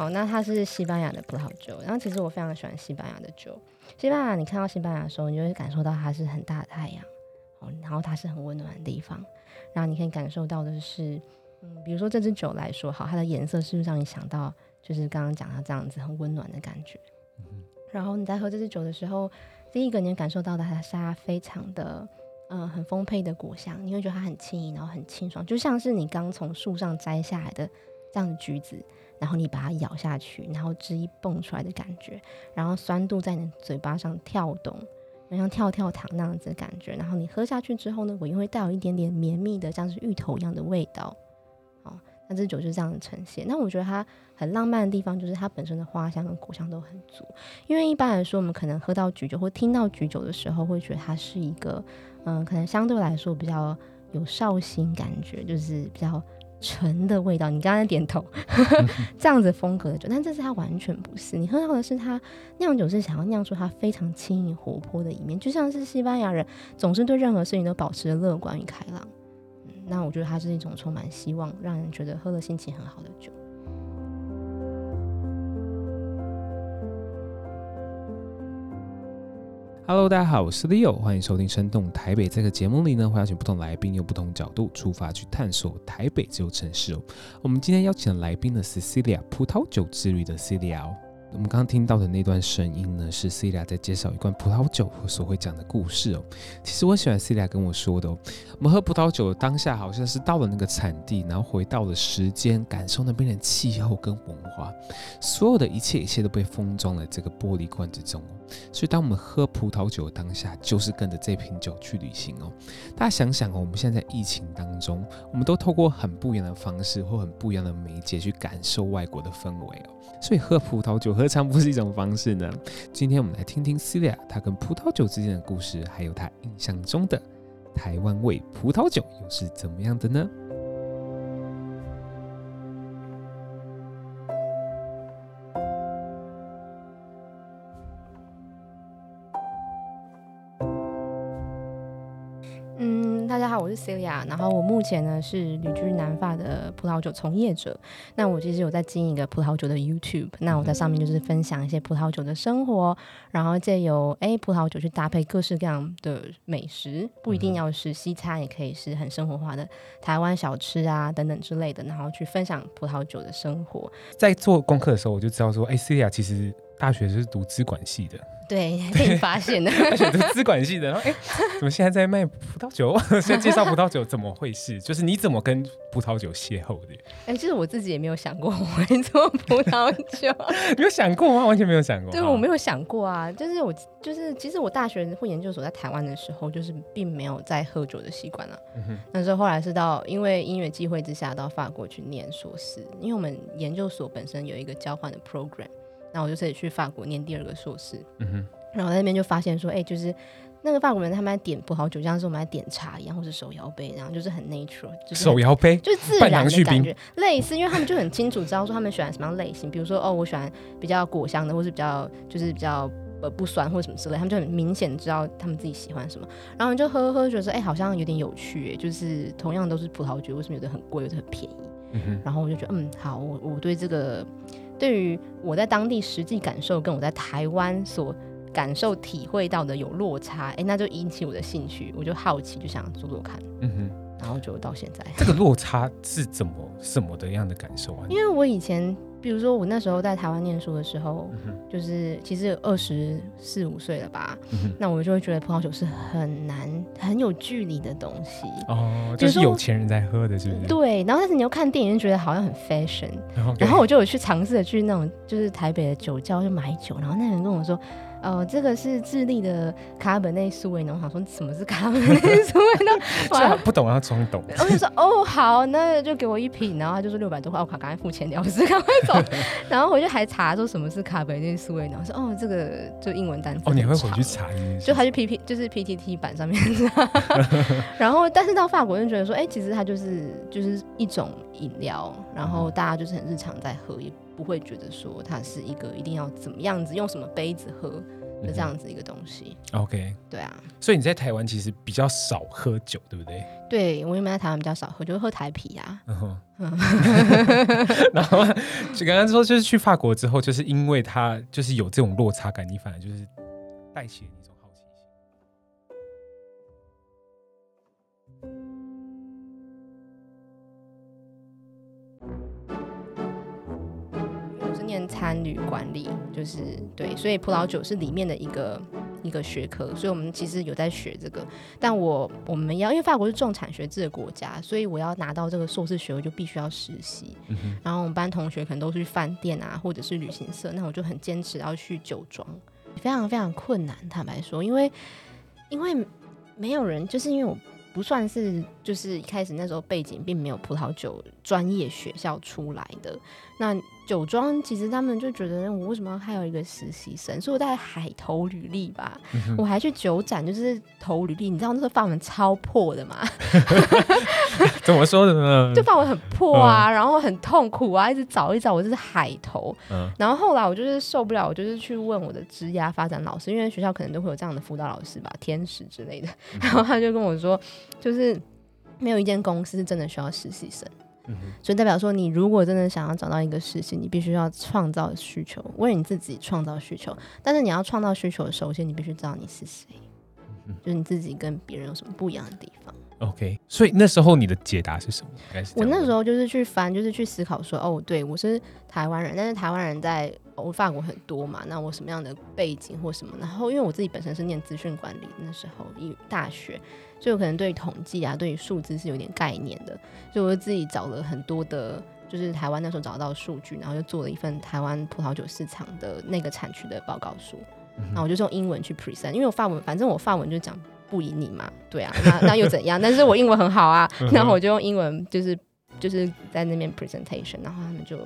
好，那它是西班牙的葡萄酒。然後其實我非常喜歡西班牙的酒。西班牙，你看到西班牙的時候，你就會感受到它是很大的太陽，好，然後它是很溫暖的地方。然後你可以感受到的是，嗯，比如說這支酒來說，好，它的顏色是不是讓你想到就是剛剛講到這樣子很溫暖的感覺？嗯嗯。然後你在喝這支酒的時候，第一個你能感受到的是它是非常的，嗯、呃，很豐沛的果香，你會覺得它很輕盈，然後很清爽，就像是你剛從樹上摘下來的這樣的橘子。然後你把它咬下去，然後汁一蹦出來的感覺，然後酸度在你嘴巴上跳動，就像跳跳糖那樣子的感覺。然後你喝下去之後呢，我又會帶有一點點綿密的，像是芋頭一樣的味道，哦，那這酒就是這樣呈現。那我覺得它很浪漫的地方，就是它本身的花香跟果香都很足。因為一般來說，我們可能喝到橘酒或聽到橘酒的時候，會覺得它是一個，嗯，可能相對來說比較有紹興感覺，就是比較。純的味道，你剛才點頭，呵呵 這樣子風格的酒，但這次它完全不是，你喝到的是它釀酒是想要釀出它非常輕盈活潑的一面，就像是西班牙人總是對任何事情都保持着樂觀與開朗，嗯，那我覺得它是一種充滿希望，讓人覺得喝了心情很好的酒。Hello，大家好，我是 Leo，歡迎收聽《聲動台北》。在這個節目裡呢，會邀請不同來賓，用不同角度出發去探索台北這座城市哦。我們今天邀請來的來賓呢是 Celia 葡萄酒之旅的 Celia 哦。我們剛剛聽到的那段聲音呢，是 Celia 在介紹一罐葡萄酒所會講的故事哦。其實我很喜歡 Celia 跟我說的哦，我們喝葡萄酒當下好像是到了那個產地，然後回到了時間，感受那邊的氣候跟文化，所有的一切一切都被封裝在這個玻璃罐之中哦。所以當我們喝葡萄酒當下，就是跟着這瓶酒去旅行哦。大家想想哦，我們現在在疫情當中，我們都透過很不一樣的方式或很不一樣的媒介去感受外國的氛圍哦。所以喝葡萄酒，何嘗不是一種方式呢？今天我們來聽聽 Celia 她跟葡萄酒之間的故事，還有他印象中的台灣味葡萄酒又是怎麼樣的呢？好，我是 Celia，然後我目前呢是旅居南法的葡萄酒從業者。那我其實有在經營一個葡萄酒的 YouTube，那我在上面就是分享一些葡萄酒的生活，然後借由哎、欸、葡萄酒去搭配各式各樣的美食，不一定要是西餐，也可以是很生活化的台灣小吃啊等等之類的，然後去分享葡萄酒的生活。在做功課的時候，我就知道說，哎、欸、Celia 其實大學是讀資管系的。對，被你發現的，還選擇資管系的，然後哎，怎麼現在在賣葡萄酒？現在介紹葡萄酒，怎麼回事？就是你怎麼跟葡萄酒邂逅的？哎、欸，其實我自己也沒有想過我會做葡萄酒，你 有想過嗎？完全沒有想過。對，我沒有想過啊，就是我，就是其實我大學或研究所，在台灣的時候，就是並沒有在喝酒的習慣啊。但、嗯、是後來是到因為因緣際會之下，到法國去念碩士，因為我們研究所本身有一個交換的 program。然後我就自己去法國念第二個碩士，嗯哼，然後在那邊就發現說，哎，就是那個法國人他們在點葡萄酒，像是我們在點茶一樣，或是手搖杯，然後就是很 nature 就是手搖杯，就是自然的感覺，類似，因為他們就很清楚知道說他們喜歡什麼樣類型， 比如說哦，我喜歡比較果香的，或是比較就是比較呃不酸或者什麼之類，他們就很明顯知道他們自己喜歡什麼，然後你就喝喝喝覺得說哎好像有點有趣、欸，就是同樣都是葡萄酒，為什麼有的很貴，有的很便宜？嗯哼，然後我就覺得嗯好，我我對這個。對於我在當地實際感受跟我在台灣所感受體會到的有落差。誒，那就引起我的興趣，我就好奇，就想做做看。嗯哼。然後就到現在，這個落差是怎麼什麼的樣的感受啊？因為我以前，比如說我那時候在台灣念書的時候，嗯、就是其實二十四五歲了吧、嗯，那我就會覺得葡萄酒是很難很有距離的東西哦，就是有錢人在喝的是不是？對。然後但是你又看電影就覺得好像很 fashion，哦 okay，然後我就有去嘗試着去那種就是台北的酒窖去買酒，然後那人跟我說。哦、呃，這個是智利的卡本內蘇維農我想說什麼是卡本內蘇維農不懂啊，終於懂。我就說 哦，好，那就給我一瓶。然後他就說六百多塊，我卡，趕快付錢了，不是趕快走。 然後回去還查說什麼是卡本內蘇維農說哦，這個就英文單詞。哦，你會回去查？就他就 P P，就是 P T T 版上面。 然後，但是到法國就覺得說，哎、欸，其實它就是就是一種飲料，然後大家就是很日常在喝一杯。不會覺得說它是一個一定要怎麼樣子用什麼杯子喝的這樣子一個東西，嗯。OK，對啊，所以你在台灣其實比較少喝酒，對不對？對，我一般在台灣比較少喝，就是，喝台啤啊。嗯、 然後就剛剛說，就是去法國之後，就是因為他，就是有這種落差感，你反而就是帶起。餐旅管理，就是對，所以葡萄酒是裡面的一個一個學科，所以我們其實有在學這個。但我我們要因為法國是重產學制的國家，所以我要拿到這個碩士學位就必須要實習。嗯、然後我們班同學可能都去飯店啊，或者是旅行社，那我就很堅持要去酒莊，非常非常困難。坦白說，因為因為沒有人，就是因為我不算是就是一開始那時候背景並沒有葡萄酒專業學校出來的那。酒莊其實他們就覺得我為什麼要還有一個實習生，所以我大概海投履歷吧，嗯、我還去酒展就是投履歷，你知道那個法文超破的嘛？ 怎麼說的呢？就法文很破啊、嗯，然後很痛苦啊，一直找一找，我就是海投、嗯，然後後來我就是受不了，我就是去問我的職業發展老師，因為學校可能都會有這樣的輔導老師吧，天使之類的，嗯、然後他就跟我說，就是沒有一間公司是真的需要實習生。所以代表說，你如果真的想要找到一個事情，你必須要創造需求，為你自己創造需求。但是你要創造需求，首先你必須知道你是誰，嗯，就你自己跟別人有什麼不一樣的地方。OK，所以那時候你的解答是什麼？該是我那時候就是去翻，就是去思考說，哦，對，我是台灣人，但是台灣人在。我法國很多嘛，那我什麼樣的背景或什麼？然後因為我自己本身是念資訊管理那時候，一大學，所以我可能對統計啊，對於數字是有點概念的，所以我就自己找了很多的，就是台灣那時候找到數據，然後就做了一份台灣葡萄酒市場的那個產區的報告書，嗯。然後我就用英文去 present，因為我法文，反正我法文就講不贏你嘛，對啊，那那又怎樣？ 但是我英文很好啊，嗯、然後我就用英文，就是就是在那邊 presentation，然後他們就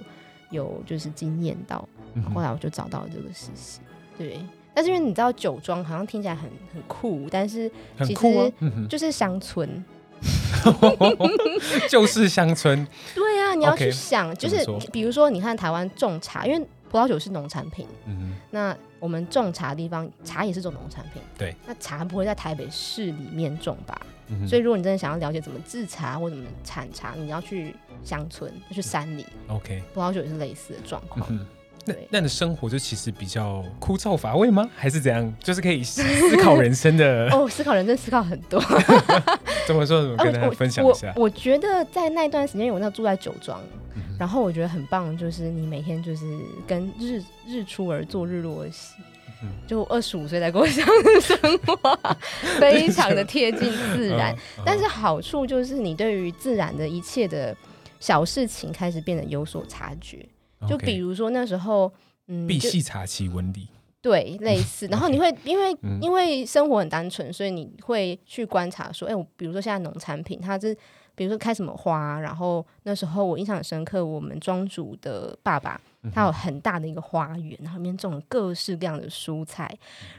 有就是驚艷到。後來我就找到了這個實習，對。但是因為你知道酒莊好像聽起來很很酷，但是其實就是鄉村，嗯、 就是鄉鄉村。 對啊，你要去想，okay, 就是比如說你看台灣種茶，因為葡萄酒是農產品，嗯，那我們種茶的地方茶也是種農產品，對。那茶不會在台北市裡面種吧？嗯，所以如果你真的想要了解怎麼制茶或怎麼產茶，你要去鄉村要去山裡，嗯。OK，葡萄酒也是類似的狀況。嗯那那你的生活就其實比較枯燥乏味嗎？還是怎樣？就是可以思考人生的 哦，思考人生，思考很多。 怎麼說？怎麼跟他分享一下哦、我、我。我覺得在那段時間，我那住在酒莊、嗯，然後我覺得很棒，就是你每天就是跟日日出而作，日落而息、嗯，就二十五歲在過這樣的生活， 非常的貼近自然、哦。但是好處就是你對於自然的一切的小事情開始變得有所察覺。就比如說那時候，okay, 嗯，對，類似。 然後你會因為, okay, 因為、嗯、因為生活很單純，所以你會去觀察說，哎、欸，我比如說現在農產品，它是比如說開什麼花，然後。那時候我印象深刻，我們莊主的爸爸、嗯、他有很大的一個花園，然後裡面種了各式各樣的蔬菜。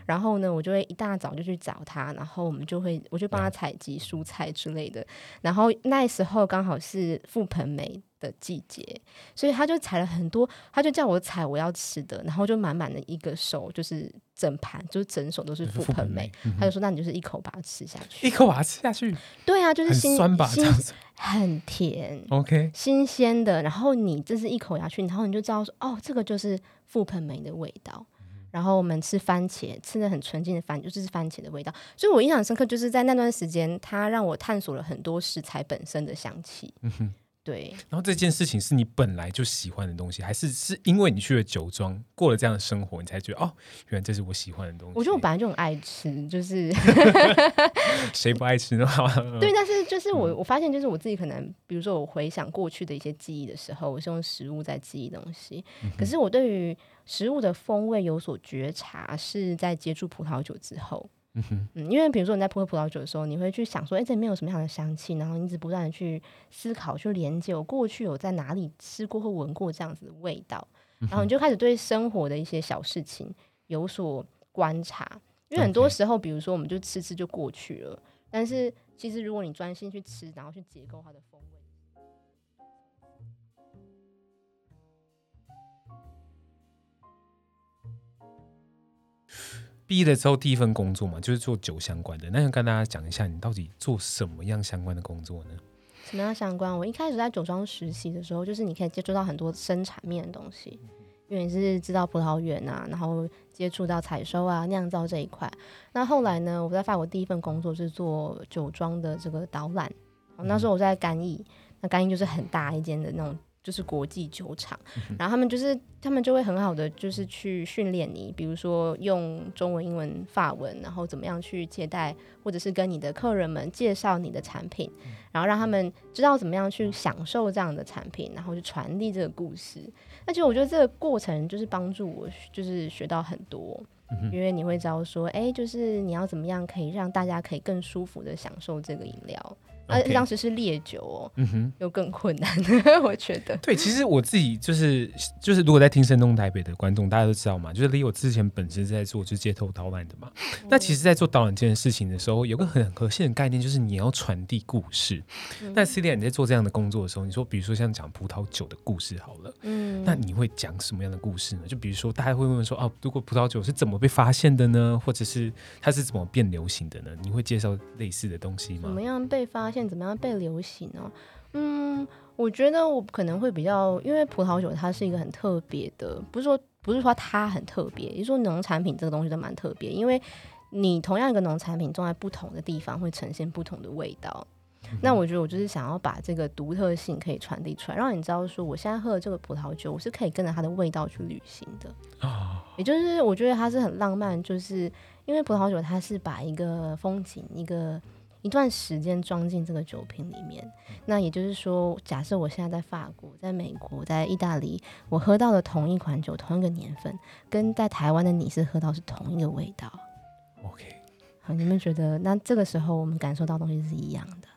然後呢，我就會一大早就去找他，然後我們就會我去幫他採集蔬菜之類的。嗯、然後那時候剛好是覆盆梅的季節，所以他就採了很多，他就叫我採我要吃的，然後就滿滿的一個手就是整盤，就是整手都是覆盆梅、就是覆盆梅嗯。他就說：“那你就是一口把它吃下去，一口把它吃下去。”對啊，就是心酸吧？這樣子。很甜、okay. 新鮮的。然後你這是一口下去，然後你就知道說，哦，這個就是覆盆莓的味道。然後我們吃番茄，吃得很純淨的番，就是番茄的味道。所以，我印象深刻，就是在那段時間，它讓我探索了很多食材本身的香氣。嗯對，然後這件事情是你本來就喜歡的東西，還是是因為你去了酒莊，過了這樣的生活，你才覺得哦，原來這是我喜歡的東西？我覺得我本來就很愛吃，就是 誰不愛吃呢？ 對，但是就是我，我發現就是我自己，可能比如說我回想過去的一些記憶的時候，我是用食物在記憶東西，嗯、可是我對於食物的風味有所覺察，是在接觸葡萄酒之後。 嗯，因為比如說你在喝葡萄酒的時候，你會去想說，哎、欸，這裡面有什麼樣的香氣？然後你一直不斷的去思考，去連接我過去有在哪裡吃過或聞過這樣子的味道，然後你就開始對生活的一些小事情有所觀察。因為很多時候， 比如說我們就吃吃就過去了，但是其實如果你專心去吃，然後去解構它的風味。畢業了之後第一份工作嘛，就是做酒相關的。那想跟大家講一下，你到底做什麼樣相關的工作呢？什麼樣相關？我一開始在酒莊實習的時候，就是你可以接觸到很多生產面的東西，因為你是知道葡萄園啊，然後接觸到採收啊、釀造這一塊。那後來呢，我在法國第一份工作是做酒莊的這個導覽。嗯。那時候我在干邑，那干邑就是很大一間的那種。就是國際酒廠，然後他們就是他們就會很好的就是去訓練你，比如說用中文、英文、法文，然後怎麼樣去接待，或者是跟你的客人們介紹你的產品，然後讓他們知道怎麼樣去享受這樣的產品，然後去傳遞這個故事。那其實我覺得這個過程就是幫助我就是學到很多，嗯、因為你會知道說，哎、欸，就是你要怎麼樣可以讓大家可以更舒服的享受這個飲料。而、okay, 且、啊、當時是烈酒哦，嗯哼，又更困難，我覺得。對，其實我自己就是就是，如果在聽聲動台北的觀眾，大家都知道嘛，就是 Leo 之前本身在做就是、街頭導演的嘛、嗯。那其實，在做導演這件事情的時候，有個很核心的概念，就是你要傳遞故事。嗯、那 Celia，你在做這樣的工作的時候，你說，比如說像講葡萄酒的故事好了，嗯，那你會講什麼樣的故事呢？就比如說，大家會問說，哦、啊，如果葡萄酒是怎麼被發現的呢？或者是它是怎麼變流行的呢？你會介紹類似的東西嗎？怎麼樣被發現？現怎麼樣被流行呢、哦？嗯，我覺得我可能會比較，因為葡萄酒它是一個很特別的，不是說不是說它很特別，也就是說農產品這個東西都蠻特別。因為你同樣一個農產品種在不同的地方，會呈現不同的味道。那我覺得我就是想要把這個獨特性可以傳遞出來，讓你知道說，我現在喝的這個葡萄酒，我是可以跟着它的味道去旅行的。啊，也就是我覺得它是很浪漫，就是因為葡萄酒它是把一個風景一個。一段時間裝進這個酒瓶裡面，那也就是說，假設我現在在法國、在美國、在意大利，我喝到的同一款酒、同一個年份，跟在台灣的你是喝到的是同一個味道。OK。好，你們覺得那這個時候我們感受到東西是一樣的？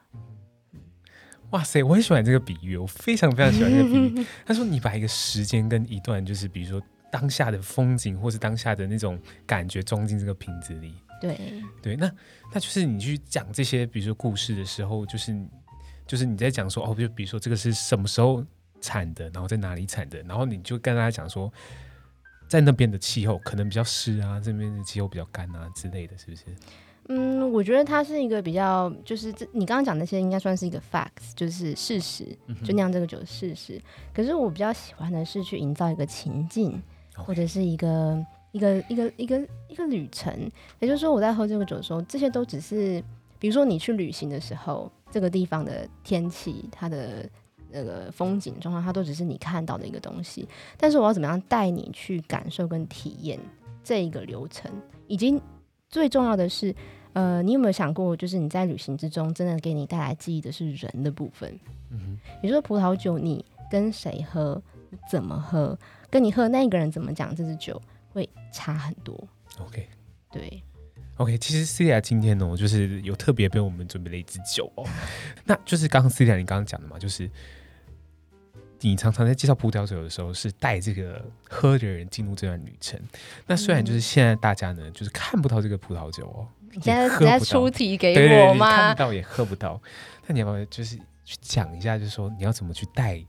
哇塞，我很喜歡這個比喻，我非常非常喜歡這個比喻。 他說你把一個時間跟一段，就是比如說當下的風景，或是當下的那種感覺，裝進這個瓶子裡。對對，那那就是你去講這些，比如說故事的時候，就是就是你在講說哦，就比如說這個是什麼時候產的，然後在哪裡產的，然後你就跟大家講說，在那邊的氣候可能比較濕啊，這邊的氣候比較乾啊之類的，是不是？嗯，我覺得它是一個比較，就是這你剛剛講那些應該算是一個 facts，就是事實，嗯、就釀這個酒的事實。可是我比較喜歡的是去營造一個情境，Okay. 或者是一個。一個一個一個一個旅程，也就是說，我在喝這個酒的時候，這些都只是，比如說你去旅行的時候，這個地方的天氣、它的那個、呃、風景狀況，它都只是你看到的一個東西。但是，我要怎麼樣帶你去感受跟體驗這一個流程？以及最重要的是，呃，你有沒有想過，就是你在旅行之中，真的給你帶來記憶的是人的部分？嗯哼。也就是葡萄酒，你跟誰喝，怎麼喝，跟你喝那個人怎麼講這支酒。會差很多。OK，對，OK。其實 Celia 今天呢，我就是有特別為我們準備了一支酒哦。 那就是剛剛 Celia 你剛剛講的嘛，就是你常常在介紹葡萄酒的時候，是帶這個喝的人進入這段旅程、嗯。那雖然就是現在大家呢，就是看不到這個葡萄酒哦，嗯、也喝不到你現在，現在出題給我嗎？看不到也喝不到， 那你要不要就是去講一下，就是說你要怎麼去帶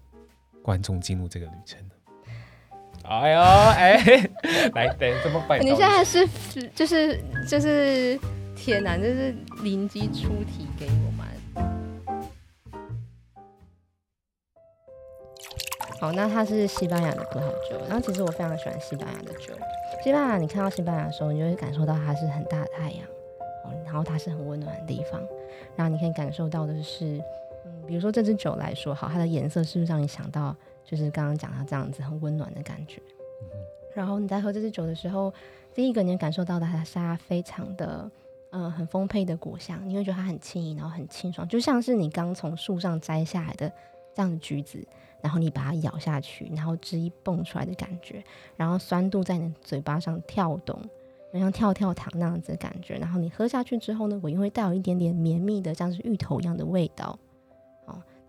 觀眾進入這個旅程呢？哎呦哎，來等這麼快？你現在是就是就是天吶，就是臨機、就是就是、出題給我們。 好，那它是西班牙的葡萄酒，然後其實我非常喜歡西班牙的酒。西班牙，你看到西班牙的時候，你就會感受到它是很大的太陽，然後它是很溫暖的地方，然後你可以感受到的是，嗯，比如說這支酒來說，好，它的顏色是不是讓你想到？就是剛剛講到這樣子很溫暖的感覺，然後你在喝這支酒的時候，第一個你感受到的它是非常的，嗯、呃，很豐沛的果香，你會覺得它很輕盈，然後很清爽，就像是你剛從樹上摘下來的這樣的橘子，然後你把它咬下去，然後汁一蹦出來的感覺，然後酸度在你嘴巴上跳動，就像跳跳糖那樣子的感覺，然後你喝下去之後呢，我又會帶有一點點綿密的像是芋頭一樣的味道。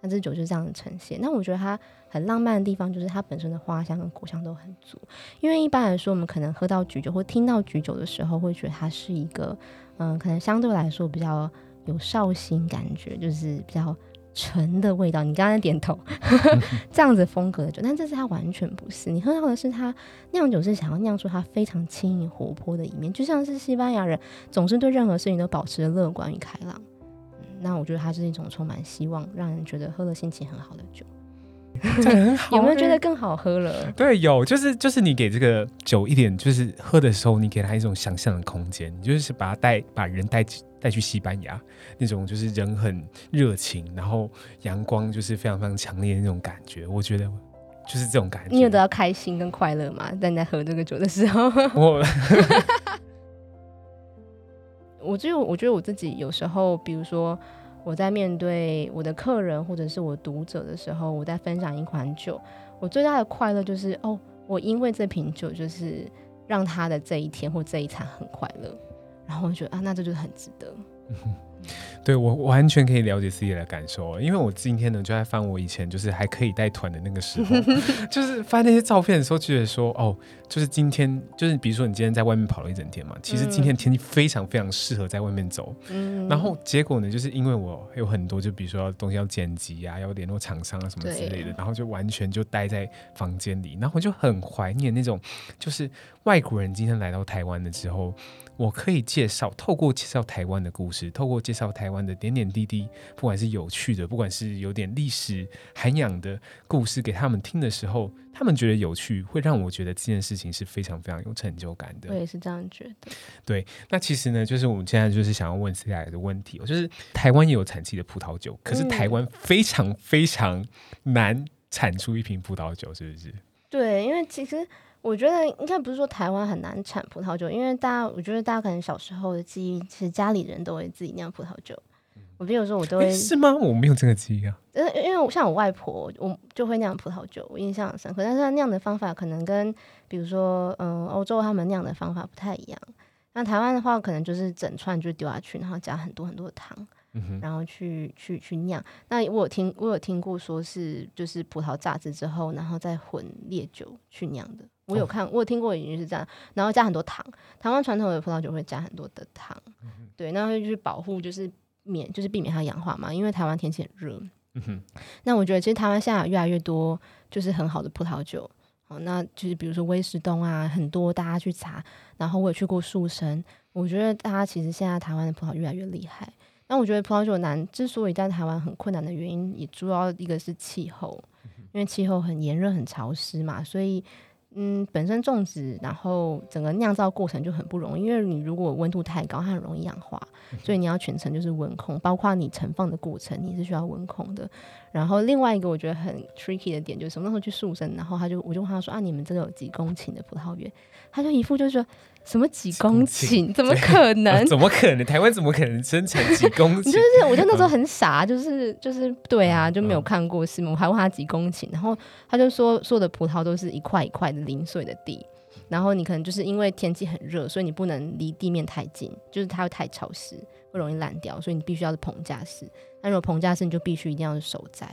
那這酒就是這樣子呈現。那我覺得它很浪漫的地方，就是它本身的花香跟果香都很足。因為一般來說，我們可能喝到橘酒或聽到橘酒的時候，會覺得它是一個，嗯、呃，可能相對來說比較有紹興感覺，就是比較沉的味道。你剛才點頭， 這樣子風格的酒。但這次它完全不是，你喝到的是它釀酒是想要釀出它非常輕盈活潑的一面，就像是西班牙人總是對任何事情都保持着樂觀與開朗。那我覺得它是一種充滿希望，讓人覺得喝了心情很好的酒。 有沒有覺得更好喝了？ 對，有，就是就是你給這個酒一點，就是喝的時候你給它一種想象的空間，就是把它帶把人帶帶去西班牙那種，就是人很熱情，然後陽光就是非常非常強烈的那種感覺。我覺得就是這種感覺。你有得到開心跟快樂嗎？但在喝這個酒的時候？ 我只有，我覺得我自己有時候，比如說我在面對我的客人或者是我讀者的時候，我在分享一款酒，我最大的快樂就是哦，我因為這瓶酒就是讓他的這一天或這一餐很快樂，然後我覺得啊，那這就是很值得。嗯、對我完全可以了解自己的感受，因為我今天呢就在翻我以前就是還可以帶團的那個時候， 就是翻那些照片的時候，就覺得說哦，就是今天就是比如說你今天在外面跑了一整天嘛，其實今天天氣非常非常適合在外面走，嗯、然後結果呢，就是因為我有很多就比如說東西要剪輯啊，要聯絡廠商啊什麼之類的，啊、然後就完全就待在房間裡，然後我就很懷念那種就是外國人今天來到台灣的時候。我可以介紹，透過介紹台灣的故事，透過介紹台灣的點點滴滴，不管是有趣的，不管是有點歷史涵養的故事，給他們聽的時候，他們覺得有趣，會讓我覺得這件事情是非常非常有成就感的。我也是這樣覺得。對，那其實呢，就是我們現在就是想要問接下來的問題，就是台灣也有產氣的葡萄酒，可是台灣非常非常難產出一瓶葡萄酒，是不是？對，因為其實。我覺得應該不是說台灣很難產葡萄酒，因為大家，我覺得大家可能小時候的記憶，其實家裡人都會自己釀葡萄酒。我比如說，我都會。是嗎？我沒有這個記憶啊。因為因為我像我外婆，我就會釀葡萄酒，我印象很深刻。但是，她釀的方法可能跟比如說，嗯、呃，歐洲他們釀的方法不太一樣。那台灣的話，可能就是整串就丟下去，然後加很多很多的糖。然後去、嗯、去去釀。那我有聽，我有聽過說是就是葡萄榨汁之後，然後再混烈酒去釀的。我有看，哦、我有聽過已經就是這樣，然後加很多糖。台灣傳統的葡萄酒會加很多的糖，嗯、對，那會就是保護，就是免就是避免它氧化嘛。因為台灣天氣很熱。嗯、那我覺得，其實台灣現在越來越多就是很好的葡萄酒。好、哦，那就是比如說威石東啊，很多大家去查。然後我也去過樹生，我覺得大家其實現在台灣的葡萄越來越厲害。那我覺得葡萄酒難之所以在台灣很困難的原因，也主要一個是氣候，因為氣候很炎熱、很潮濕嘛，所以嗯，本身種植然後整個釀造過程就很不容易，因為你如果溫度太高，它很容易氧化，所以你要全程就是溫控，包括你盛放的過程，你是需要溫控的。然後另外一個我覺得很 tricky 的點，就是什麼時候去塑身，然後他就我就問他說啊，你們這個有幾公頃的葡萄園？他就一副就是說。什麼幾公頃？怎麼可能、啊？怎麼可能？台灣怎麼可能生產幾公頃？ 就是，我就那時候很傻，就是就是對啊，就沒有看過、嗯、是嗎？我還問他幾公頃，然後他就說所有、嗯、的葡萄都是一塊一塊的零碎的地，然後你可能就是因為天氣很熱，所以你不能離地面太近，就是它會太潮濕，會容易爛掉，所以你必須要是棚架式。那如果棚架式，你就必須一定要手摘，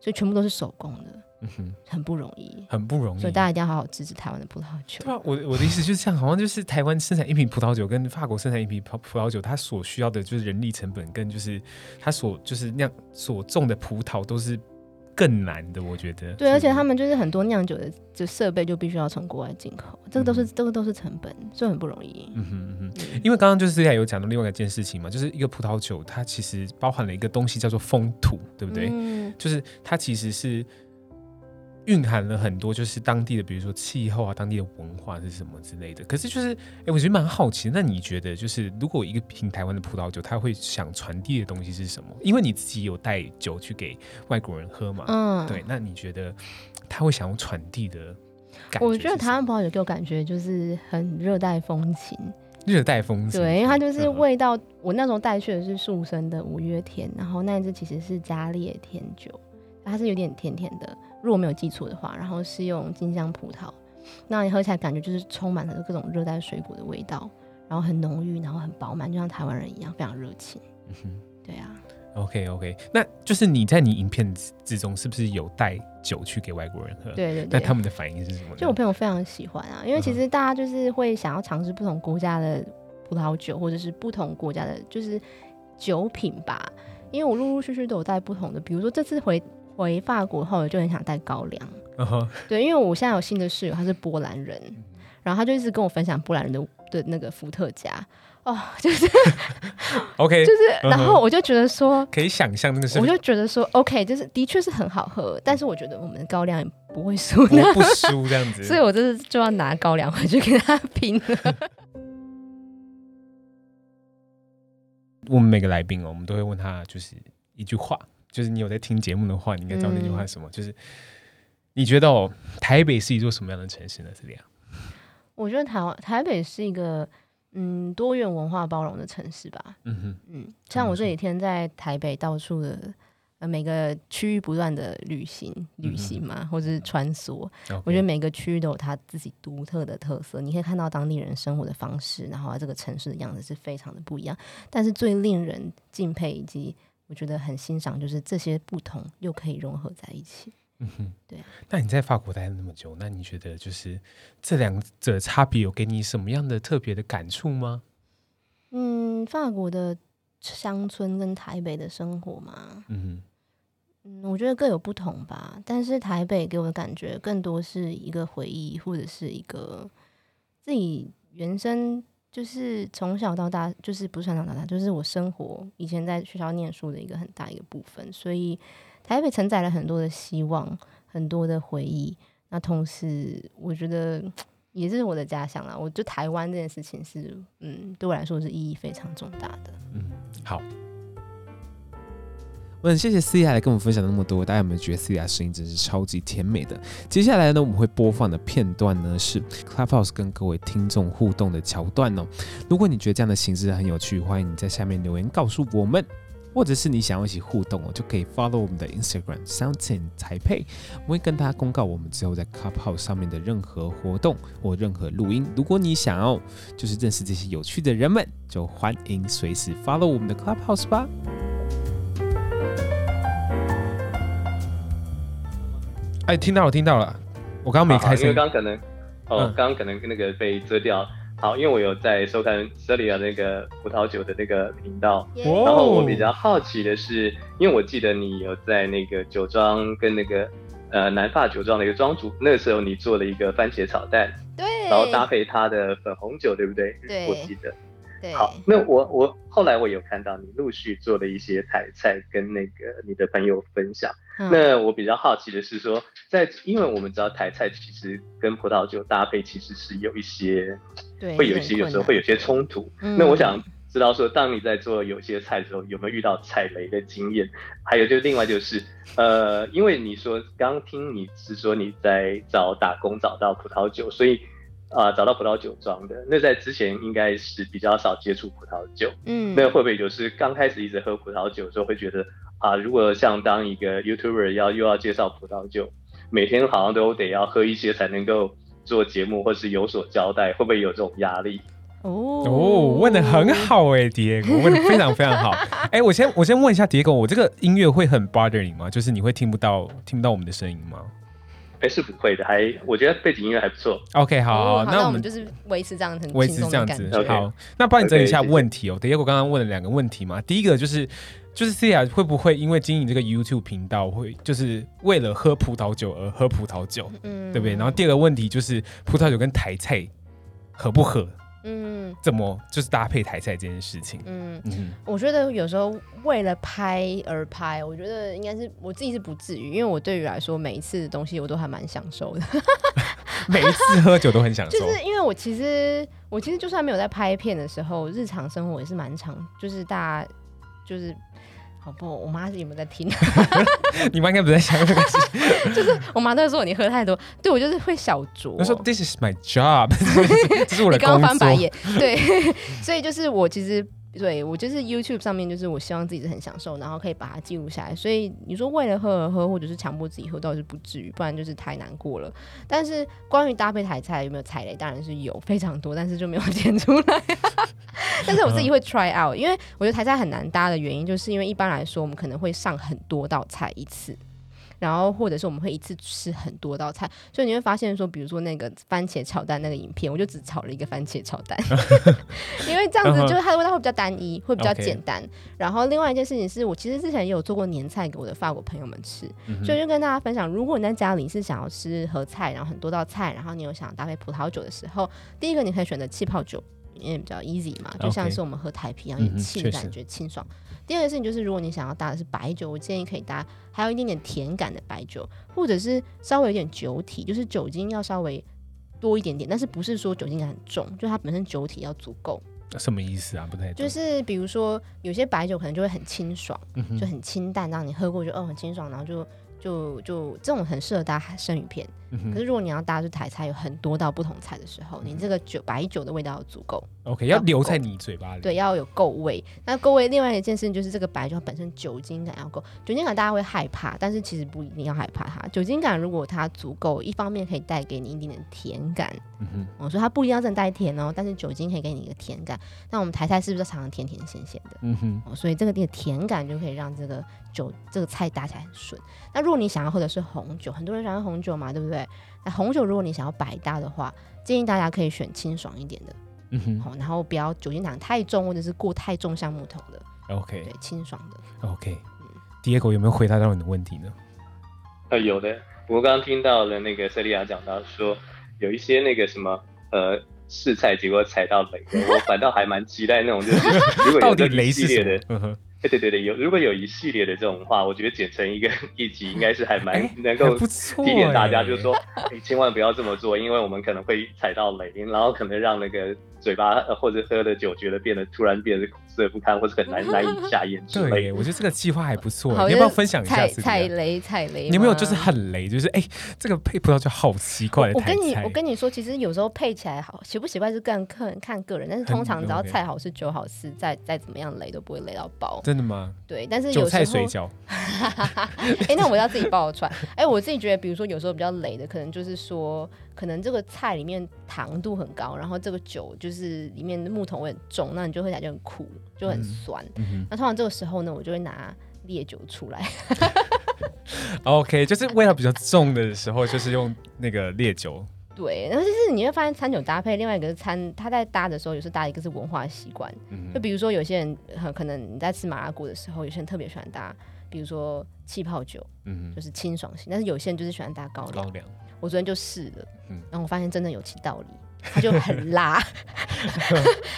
所以全部都是手工的。嗯哼，很不容易，很不容易，所以大家一定要好好支持台灣的葡萄酒。對啊，我我的意思就是，這樣，好像就是台灣生產一瓶葡萄酒，跟法國生產一瓶葡葡萄酒，它所需要的就是人力成本跟就是，它所就是釀所種的葡萄都是更難的，我覺得。對，嗯、而且他們就是很多釀酒的就設備就必須要從國外進口，這個都是、嗯、這個都是成本，所以很不容易。嗯哼嗯哼，嗯哼因為剛剛就是之前有講到另外一件事情嘛，就是一個葡萄酒它其實包含了一個東西叫做風土，對不對？嗯，就是它其實是。蘊含了很多，就是當地的，比如說氣候啊，當地的文化是什麼之類的。可是就是，哎、欸，我覺得蠻好奇。那你覺得，就是如果一個品台灣的葡萄酒，他會想傳遞的東西是什麼？因為你自己有帶酒去給外國人喝嘛，嗯，對。那你覺得他會想要傳遞的感覺？我覺得台灣葡萄酒給我感覺就是很熱帶風情，熱帶風情。對，因為它就是味道。嗯、我那時候帶去的是樹生的五月天，然後那一支其實是加烈甜酒，它是有點甜甜的。如果沒有記錯的話，然後是用金香葡萄，那你喝起來感覺就是充滿了各種熱帶水果的味道，然後很濃郁，然後很飽滿，就像台灣人一樣，非常熱情。嗯哼，對啊。OK OK，那就是你在你影片之中是不是有帶酒去給外國人喝？對對對。那他們的反應是什麼？就我朋友非常喜歡啊，因為其實大家就是會想要嘗試不同國家的葡萄酒，或者是不同國家的就是酒品吧。因為我陸陸續續都有帶不同的，比如說這次回。回法國後，我就很想帶高粱。嗯、uh -huh. 對，因為我現在有新的室友，他是波蘭人，然後他就一直跟我分享波蘭人的的那個伏特加，哦，就是 OK，就是，uh -huh. 然後我就覺得說，可以想象那個是是，我就覺得說 OK，就是的確是很好喝，但是我覺得我們的高粱也不會輸，不輸這樣子， 所以我就是就要拿高粱回去跟他拼了。我 們每個來賓哦，我們都會問他就是一句話。就是你有在聽節目的話，你應該知道那句話是什麼。嗯。就是你覺得台北是一座什麼樣的城市呢？這裡？我覺得台灣台北是一個嗯多元文化包容的城市吧。嗯哼，嗯，像我這幾天在台北到處的，嗯、呃，每個區域不斷的旅行，旅行嘛，嗯、或者是穿梭、嗯，我覺得每個區域都有它自己獨特的特色，okay。你可以看到當地人生活的方式，然後、啊、這個城市的樣子是非常的不一樣。但是最令人敬佩以及我覺得很欣賞，就是這些不同又可以融合在一起。嗯哼，對啊。那你在法國待那麼久，那你覺得就是這兩者的差別有給你什麼樣的特別的感觸嗎？嗯，法國的鄉村跟台北的生活嘛，嗯哼嗯，我覺得各有不同吧。但是台北給我的感覺更多是一個回憶，或者是一個自己原生。就是從小到大，就是不是從小到大，就是我生活以前在學校念書的一個很大一個部分，所以台北承載了很多的希望，很多的回憶。那同時，我覺得也是我的家鄉啦。我就台灣這件事情是，嗯，對我來說是意義非常重大的。嗯，好。問，謝謝思雅來跟我們分享了那麼多，大家有沒有覺得思雅的聲音真是超級甜美的？接下來呢，我們會播放的片段呢是 Clubhouse 跟各位聽眾互動的橋段哦。如果你覺得這樣的形式很有趣，歡迎你在下面留言告訴我們，或者是你想要一起互動，我就可以 follow 我們的 Instagram Sounds in Taipei，我會跟大家公告我們之後在 Clubhouse 上面的任何活動或任何錄音。如果你想要、哦、就是認識這些有趣的人們，就歡迎隨時 follow 我們的 Clubhouse 吧。哎，聽到我聽到了，我剛剛沒開聲，啊，因為剛剛可能，哦、剛、嗯、剛可能那個被遮掉。好，因為我有在收看 Celia 那個葡萄酒的那個頻道，yeah. 然後我比較好奇的是，oh. 因為我記得你有在那個酒莊跟那個呃南法酒莊的一個莊主，那個時候你做了一個番茄炒蛋，對，然後搭配它的粉紅酒，對不對？是，我記得。對，好，那我我後來我有看到你陸續做了一些台菜，跟那個你的朋友分享。那我比較好奇的是說，在因為我們知道台菜其實跟葡萄酒搭配其實是有一些，對，會有一些有時候會有些衝突、嗯。那我想知道說，當你在做有些菜的時候，有沒有遇到踩雷的經驗？還有就是另外就是，呃，因為你說剛剛聽你是說你在找打工找到葡萄酒，所以啊、呃、找到葡萄酒莊的，那在之前應該是比較少接觸葡萄酒，嗯，那會不會就是剛開始一直喝葡萄酒的時候會覺得？啊，如果像當一個 YouTuber 要又要介紹葡萄酒，每天好像都得要喝一些才能夠做節目或是有所交代，會不會有這種壓力？哦，哦問的很好哎、欸， Diego 問的非常非常好哎、欸，我先我先問一下 Diego 我這個音樂會很 bothering 嗎？就是你會聽不到聽不到我們的聲音嗎？哎、欸，是不會的，還我覺得背景音樂還不錯。OK，好，好、哦、好我那我們就是維持這樣子，維持這樣子。好，okay. 那幫你整理一下問題、喔、okay, 哦。Diego 剛剛問了兩個問題嘛，第一個就是。就是 Celia 會不會因為經營這個 YouTube 頻道，會就是為了喝葡萄酒而喝葡萄酒，嗯，對不對？然後第二個問題就是葡萄酒跟台菜合不合？嗯，怎麼就是搭配台菜這件事情？嗯，嗯我覺得有時候為了拍而拍，我覺得應該是我自己是不至於，因為我對於來說，每一次的東西我都還蠻享受的， 每一次喝酒都很享受。就是因為我其實我其實就算沒有在拍片的時候，日常生活也是蠻常，就是大家就是。不，我媽是你們在聽？ 你媽應該不在想這個事情。就是我媽都說你喝太多，對，我就是會小酌。我說 This is my job， 剛剛翻白眼，對， 所以就是我其實。對，我就是 YouTube 上面，就是我希望自己是很享受，然後可以把它記錄下來。所以你說為了喝而喝，或者是強迫自己喝，倒是不至於，不然就是太難過了。但是關於搭配台菜有沒有踩雷，當然是有非常多，但是就沒有剪出來。 但是我自己會 try out，因為我覺得台菜很難搭的原因，就是因為一般來說我們可能會上很多道菜一次。然後，或者是我們會一次吃很多道菜，所以你會發現說，比如說那個番茄炒蛋那個影片，我就只炒了一個番茄炒蛋， 因為這樣子就是它的味道會比較單一， 會比較簡單。Okay. 然後，另外一件事情是我其實之前也有做過年菜給我的法國朋友們吃，嗯，所以就跟大家分享，如果你在家裡是想要吃和菜，然後很多道菜，然後你有想搭配葡萄酒的時候，第一個你可以選擇氣泡酒，因為比較 easy 嘛，okay. 就像是我們喝台啤一樣，有氣的感覺清爽。嗯第二個事情就是，如果你想要搭的是白酒，我建議可以搭還有一點點甜感的白酒，或者是稍微有點酒體，就是酒精要稍微多一點點，但是不是說酒精感很重，就它本身酒體要足夠。什麼意思啊？不太就是，比如說有些白酒可能就會很清爽，嗯、就很清淡，讓你喝過就嗯、哦、很清爽，然後就就就這種很適合搭生魚片。嗯、可是如果你要搭出台菜有很多道不同菜的時候，嗯、你這個酒白酒的味道要足夠，OK，要，要留在你嘴巴裡，對，要有夠味。那夠味，另外一件事情就是這個白酒本身酒精感要夠，酒精感大家會害怕，但是其實不一定要害怕它。酒精感如果它足夠，一方面可以帶給你一點點甜感。我、嗯、說、哦、它不一定要能帶甜哦，但是酒精可以給你一個甜感。那我們台菜是不是常常甜甜鹹鹹的？嗯哼、哦，所以這個甜感就可以讓這個酒這個菜搭起來很順。那如果你想要喝的是紅酒，很多人喜歡紅酒嘛，對不對？那紅酒如果你想要百搭的話，建議大家可以選清爽一點的，嗯、哼然後不要酒精糖太重或者是過太重橡木桶的。OK，對，清爽的。OK。Diego，有沒有回答到你的問題呢？呃，有的。我剛剛聽到了那個 Celia 講到說，有一些那個什麼呃試菜，結果踩到雷了。 我反倒還蠻期待那種、就是， 到底雷是誰的？ 對對對對，有，如果有一系列的這種話，我覺得剪成一個一集，應該是還蠻能夠提點大家，就是說你千萬不要這麼做， 因為我們可能會踩到雷，然後可能讓那個。嘴巴或者喝了酒，覺得變得突然變得苦澀不堪，或者很難難以下咽。對，我覺得這個計劃還不錯，就是，你要不要分享一下？踩雷，踩雷！你有沒有就是很雷？就是哎，欸，這個配葡萄酒好奇怪的我。我跟你我跟你說，其實有時候配起來好，喜不喜歡是看看看個人，但是通常只要菜好吃酒好吃，再再怎麼樣雷都不會雷到爆。真的嗎？對，但是有時候，韭菜水餃，哈哈哈！哎，那我要自己爆出來。哎，欸，我自己覺得，比如說有時候比較雷的，可能就是說。可能這個菜裡面糖度很高，然後這個酒就是裡面的木桶味很重，那你就喝起來就很苦，就很酸，嗯嗯。那通常這個時候呢，我就會拿烈酒出來。 OK，就是味道比較重的時候，就是用那個烈酒。 對，然後就是你會發現餐酒搭配，另外一個是餐，它在搭的時候有時候搭一個是文化習慣，嗯。就比如說有些人可能你在吃麻辣鍋的時候，有些人特別喜歡搭，比如說氣泡酒，嗯，就是清爽型。但是有些人就是喜歡搭高粱。高我昨天就試了、嗯，然後我發現真的有其道理，他就很辣，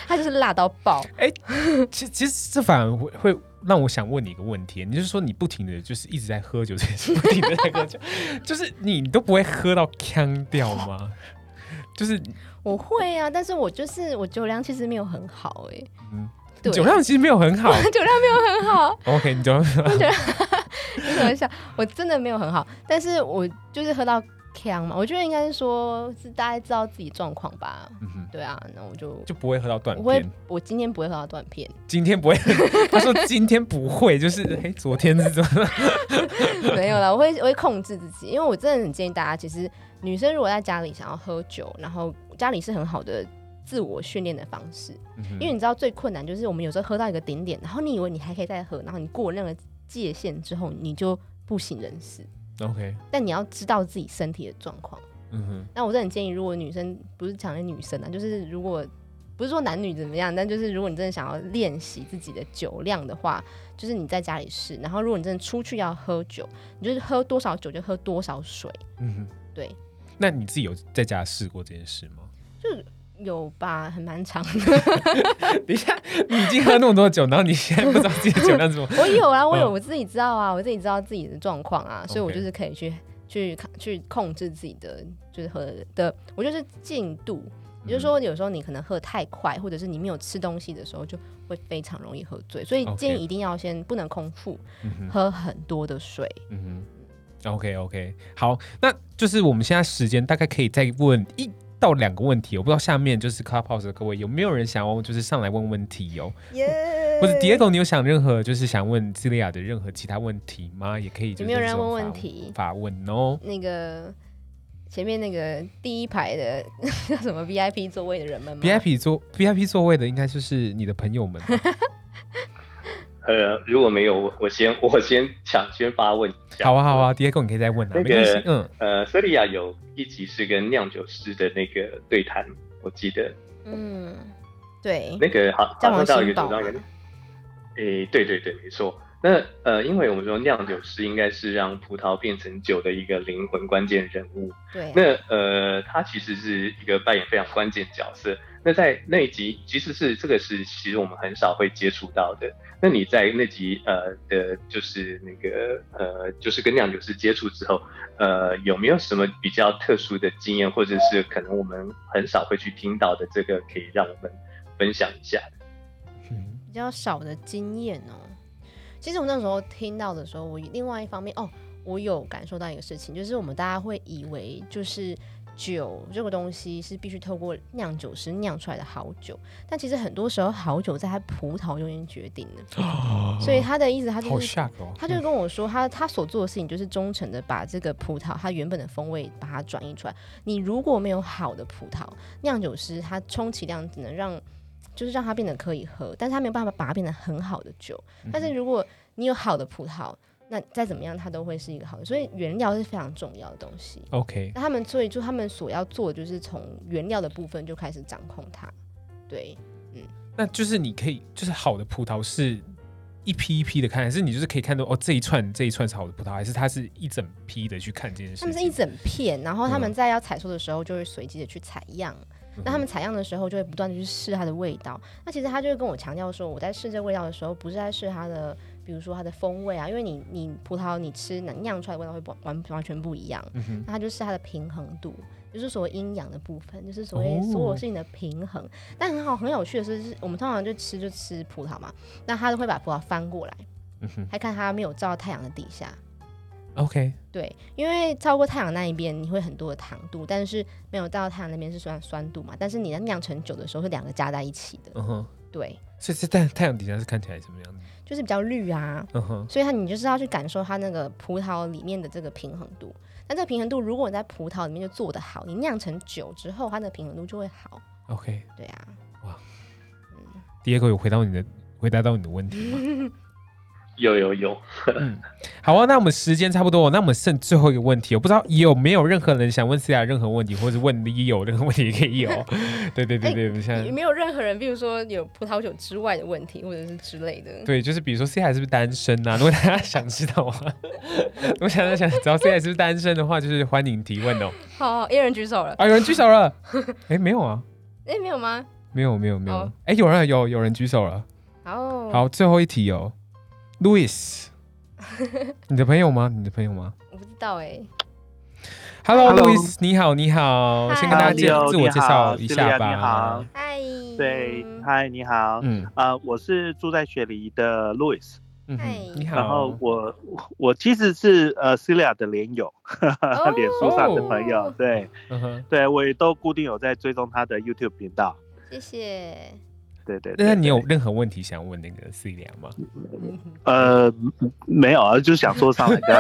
他 就是辣到爆。哎、欸，其其實這反而會會讓我想問你一個問題，你就是說你不停的就是一直在喝酒，就是不停的在喝酒， 就是你，你都不會喝到鏘掉嗎？哦、就是我會啊，但是我就是我酒量其實沒有很好哎、欸，嗯，對，酒量其實沒有很好，酒量沒有很好。 OK，你酒量，酒量 你等一下？我真， 我真的沒有很好，但是我就是喝到。強嘛，我覺得應該是說是大家知道自己狀況吧、嗯。對啊，那我就就不會喝到斷片。我會，我今天不會喝到斷片。今天不會， 他說今天不會， 就是、欸、昨天是怎麼？ 沒有了，我會我會控制自己，因為我真的很建議大家，其實女生如果在家裡想要喝酒，然後家裡是很好的自我訓練的方式、嗯，因為你知道最困難就是我們有時候喝到一個頂點，然後你以為你還可以再喝，然後你過那個界限之後，你就不省人事。OK，但你要知道自己身體的狀況。嗯哼，那我真的很建議，如果女生不是講的女生呢、啊，就是如果不是說男女怎麼樣，但就是如果你真的想要練習自己的酒量的話，就是你在家裡試，然後如果你真的出去要喝酒，你就是喝多少酒就喝多少水。嗯哼，對。那你自己有在家試過這件事嗎？就是。有吧，很蠻長的。 等一下， 你已經喝了那麼多酒，然後你現在不知道自己酒量怎麼？ 我有啊，我、嗯、有，我自己知道啊，我自己知道自己的狀況啊，okay. 所以我就是可以去去去控制自己的，就是喝的，我就是進度。也就是說，有時候你可能喝太快、嗯，或者是你沒有吃東西的時候，就會非常容易喝醉。所以建議一定要先不能空腹，okay. 喝很多的水。嗯 OK OK，好，那就是我們現在時間大概可以再問一。到兩個問題，我不知道下面就是 Clubhouse 的各位有沒有人想要，就是上來問問題哦。Yeah! 或者 Diego 你有想任何就是想問 Celia 的任何其他問題嗎？也可以，就是有沒有人要問問題，發問哦。那個前面那個第一排的叫什麼 VIP 座位的人們嗎？VIP 座、BIP 座，VIP 座位的應該就是你的朋友們。 呃，如果沒有我，我先我先搶先發問一下。好啊，好啊，第二個你可以再問啊，那個沒關係。嗯，呃，瑟利亞有一集是跟釀酒師的那個對談，我記得。嗯，對。那個好，再往深導。誒，欸、對，對對對，沒錯。那呃，因為我們說釀酒師應該是讓葡萄變成酒的一個靈魂關鍵人物，對啊。那呃，他其實是一個扮演非常關鍵角色。那在那一集其實是這個是其實我們很少會接觸到的。那你在那集呃的，就是那個呃，就是跟釀酒師接觸之後，呃，有沒有什麼比較特殊的經驗，或者是可能我們很少會去聽到的這個，可以讓我們分享一下？嗯，比較少的經驗哦、啊。其實我那時候聽到的時候，我另外一方面哦，我有感受到一個事情，就是我們大家會以為就是酒這個東西是必須透過釀酒師釀出來的好酒，但其實很多時候好酒在他葡萄就已經決定了。哦、 所以他的意思，他就是，哦、他就跟我說，他他所做的事情就是忠誠的把這個葡萄它、嗯、原本的風味把它轉移出來。你如果沒有好的葡萄，釀酒師他充其量只能讓。就是讓它變得可以喝，但是它沒有辦法把它變得很好的酒。但是如果你有好的葡萄，那再怎麼樣它都會是一個好的。所以原料是非常重要的東西。OK，那他們所以就他們所要做的就是從原料的部分就開始掌控它。對，嗯，那就是你可以就是好的葡萄是一批一批的看，還是你就是可以看到哦，這一串這一串是好的葡萄，還是它是一整批的去看這件事情？他們是一整片，然後他們在要採收的時候就會隨機的去採樣。那他們採樣的時候，就會不斷的去試它的味道。那其實他就會跟我強調說，我在試這個味道的時候，不是在試它的，比如說它的風味啊，因為你你葡萄你吃能釀出來的味道會不完完完全不一樣。嗯哼、那他就是它的平衡度，就是所謂陰陽的部分，就是所謂所有事情的平衡。哦、但很好很有趣的是，我們通常就吃就吃葡萄嘛，那他都會把葡萄翻過來，還看它沒有照到太陽的底下。OK，對，因為超過太陽那一邊，你會很多的糖度，但是沒有到太陽那邊是酸酸度嘛，但是你在釀成酒的時候，是兩個加在一起的。Uh -huh. 對。所以在太陽底下是看起來什麼樣的？就是比較綠啊。Uh -huh. 所以它你就是要去感受它那個葡萄裡面的這個平衡度。那這個平衡度，如果你在葡萄裡面就做得好，你釀成酒之後，它的平衡度就會好。OK，對啊。哇、wow.，嗯，第二個有回答你的，回答到你的問題嗎？ 有有有， 嗯，好啊，那我們時間差不多，那我們剩最後一個問題，我不知道有沒有任何人想問 Celia 任何問題，或者問你有任何問題可以有， 對，對對對對，欸、也沒有任何人，比如說有葡萄酒之外的問題，或者是之類的，對，就是比如說 Celia 是不是單身啊？如果大家想知道我想 想，只要 Celia 是不是單身的話，就是歡迎提問哦。 好，好，一人舉手了啊，有人舉手了，哎、 欸，沒有啊，哎、欸，沒有嗎？沒有沒有沒有，哎、欸，有人有有人舉手了，好，好，最後一題哦。Louis， 你的朋友嗎？你的朋友嗎？我不知道哎、欸。Hello，Louis，Hello. 你好，你好。Hi, 先跟大家自我介紹一下，你好。嗨。Celia, Hi. 對，嗨，你好。嗯啊、呃，我是住在雪梨的 Louis。嗨，你好。然後我我其實是呃 Celia 的臉友，oh. 臉書上的朋友。對，oh. 對, uh -huh. 對，我也都固定有在追蹤他的 YouTube 頻道。謝謝。對對，對，對對，那你有任何問題想問那個 C 良嗎？呃，沒有啊，就想說上人家。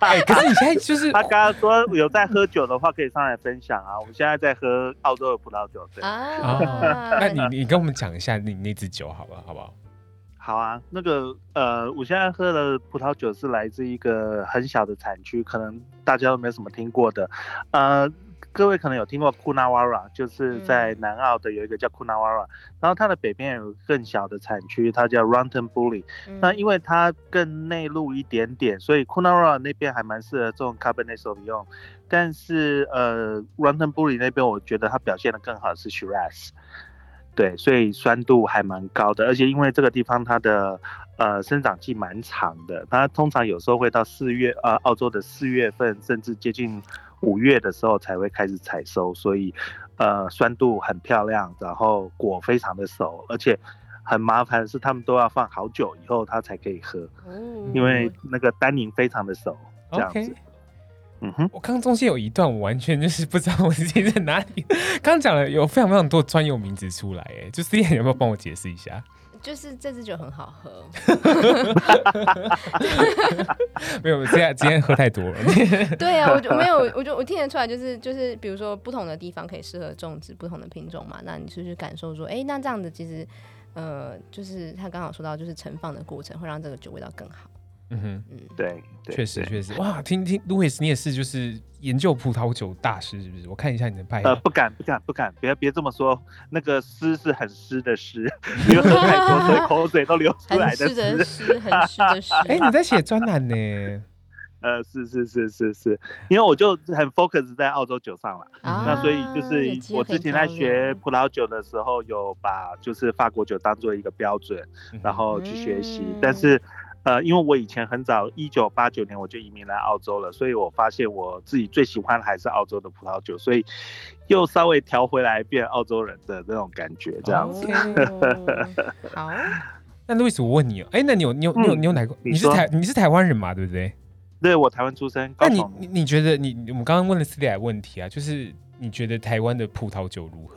那、 欸、你現在就是 他剛剛說有在喝酒的話，可以上來分享啊。我們現在在喝澳洲的葡萄酒，對、啊、 那你你跟我們講一下你那只酒好不好，好不好？好啊，那個呃，我現在喝的葡萄酒是來自一個很小的產區，可能大家都沒什麼聽過的呃。各位可能有聽過 Coonawarra 就是在南澳的有一個叫 Coonawarra 然後它的北邊有更小的產區，它叫 Wrattonbully、嗯。那因為它更內陸一點點，所以 Coonawarra 那邊還蠻適合種 Cabernet Sauvignon 但是呃 Wrattonbully 那邊我覺得它表現的更好是 Shiraz 對，所以酸度還蠻高的，而且因為這個地方它的呃生長期蠻長的，它通常有時候會到四月，呃，澳洲的四月份甚至接近五月的時候才會開始採收，所以呃酸度很漂亮，然後果非常的熟，而且很麻煩是他們都要放好久以後它才可以喝，嗯，因為那個丹寧非常的熟，這樣子。Okay. 嗯、哼我剛，中間有一段，我完全就是不知道我自己在哪裡。剛講了有非常非常多專有名詞出來，哎，就 Celia 有沒有幫我解釋一下？就是這支酒很好喝。 沒有，今天今天喝太多了。 對啊，我就沒有，我就我聽得出來，就是，就是就是，比如說不同的地方可以適合種植不同的品種嘛？那你是不是感受說，哎，欸，那這樣子其實，呃，就是他剛好說到，就是陳放的過程會讓這個酒味道更好。嗯哼，對，確實確實，哇，聽聽 Louis，你也是就是研究葡萄酒大師是不是？我看一下你的拍？呃，不敢不敢不敢，別別這麼說，那個詩是很濕的濕，流很多口水，口水都流出來的詩、啊。很濕的濕。哎、啊欸，你在寫專欄呢？呃、啊，是是是是是，因為我就很 focus 在澳洲酒上了、嗯，那所以就是我之前在學葡萄酒的時候，有把就是法國酒當做一個標準，嗯、然後去學習、嗯，但是。呃，因為我以前很早，一九八九年我就移民來澳洲了，所以我發現我自己最喜歡的還是澳洲的葡萄酒，所以又稍微調回來變澳洲人的那種感覺，這樣子。Okay, 好、啊，那 Louis，我問你哦，哎、欸，那你有你有你有、嗯、你有哪個？你是台你是台灣人嗎？對不對？對，我台灣出生。你那你你你覺得你我們剛剛問了 Celia 的問題啊，就是你覺得台灣的葡萄酒如何？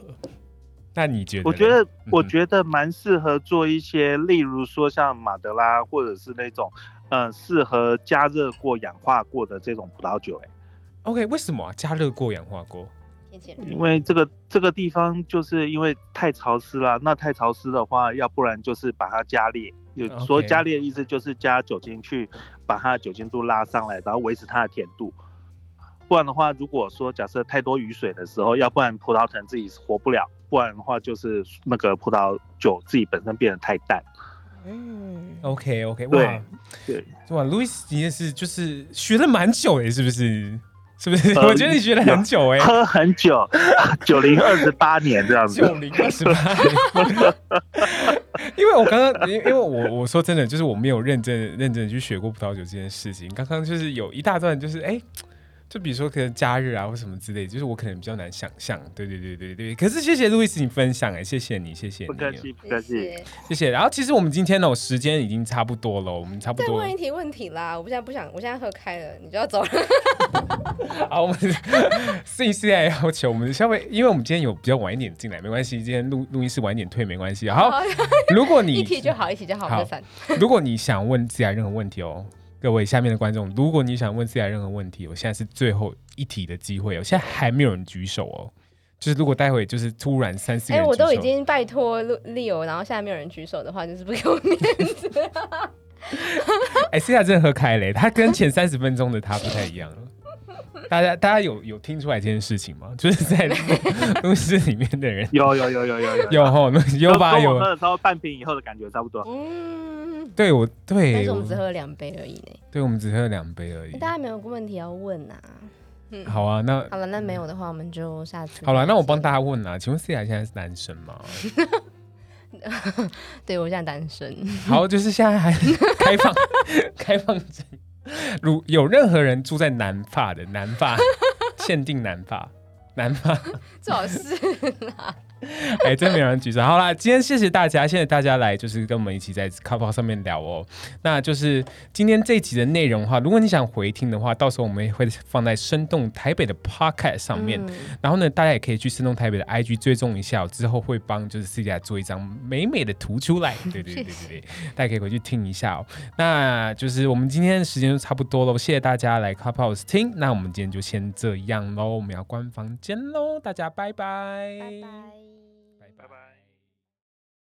那你覺得呢？我覺得我覺得蠻適合做一些， 例如說像馬德拉，或者是那種，嗯、呃，適合加熱過氧化過的這種葡萄酒、欸。哎，OK，為什麼加熱過氧化過？因為這個這個地方就是因為太潮濕了。那太潮濕的話，要不然就是把它加烈，有、okay. 所以加烈的意思就是加酒精去把它的酒精度拉上來，然後維持它的甜度。不然的話，如果說假設太多雨水的時候，要不然葡萄藤自己活不了。不然的話，就是那個葡萄酒自己本身變得太淡了。嗯，OK OK，對對哇，路易斯今天是，就是學了蠻久哎、欸，是不是？是不是？ 我覺得你學了很久哎、欸呃，喝很久，九零二十八年這樣子。九零二十八，因為我剛剛，因因為我我說真的，就是我沒有認真認真去學過葡萄酒這件事情。剛剛就是有一大段，就是哎。欸就比如說可能假日啊或什麼之類，就是我可能比較難想象。對對對對對，可是謝謝路易斯你分享哎、欸，謝謝你，謝謝你。不客氣不客氣，謝謝。然後其實我們今天呢、喔，時間已經差不多了，我們差不多了。再問一題問題啦，我現在不想，我現在喝開了，你就要走了。 好，路易斯來要求我們稍微，因為我們今天有比較晚一點進來，沒關係，今天錄錄音室晚一點退沒關係。好，如果你 一題就好，一題就好，不散。如果你想問自己還有任何問題哦。各位下面的觀眾，如果你想問 Celia 任何問題，我現在是最後一題的機會哦。現在還沒有人舉手哦，就是如果待會就是突然三十，哎，我都已經拜託 Leo，然後現在沒有人舉手的話，就是不給我面子。哎，Celia 真的喝開嘞，他跟前三十分鐘的他不太一樣。大家大家有有聽出來這件事情嗎？就是在公司裡面的人，有有有有有有，有後有吧？有喝的時候半瓶以後的感覺差不多。對，我對，但是我們只喝了兩杯而已呢。對，我們只喝了兩杯而已。大家沒有個問題要問啊？嗯，好啊，那好了，那沒有的話，嗯、我們就下次好了。那我幫大家問啊，嗯、請問 Celia 現在是男生嗎？ 對，我現在是單身。好，就是現在還開放，開放中。如有任何人住在南法的南法， 限定南法，南法，最好是啦。 哎， 真沒人舉手。好啦，今天謝謝大家。現在大家來就是跟我們一起在 Clubhouse 上面聊哦。那就是今天這一集的內容的話，如果你想回聽的話，到時候我們也會放在聲動台北的 Podcast 上面，嗯。然後呢，大家也可以去聲動台北的 IG 追蹤一下、哦，之後會幫就是自己來做一張美美的圖出來。對對對對對， 大家可以回去聽一下。哦。那就是我們今天的時間就差不多了，謝謝大家來 Clubhouse 聽。那我們今天就先這樣嘍，我們要關房間嘍，大家拜拜。拜拜。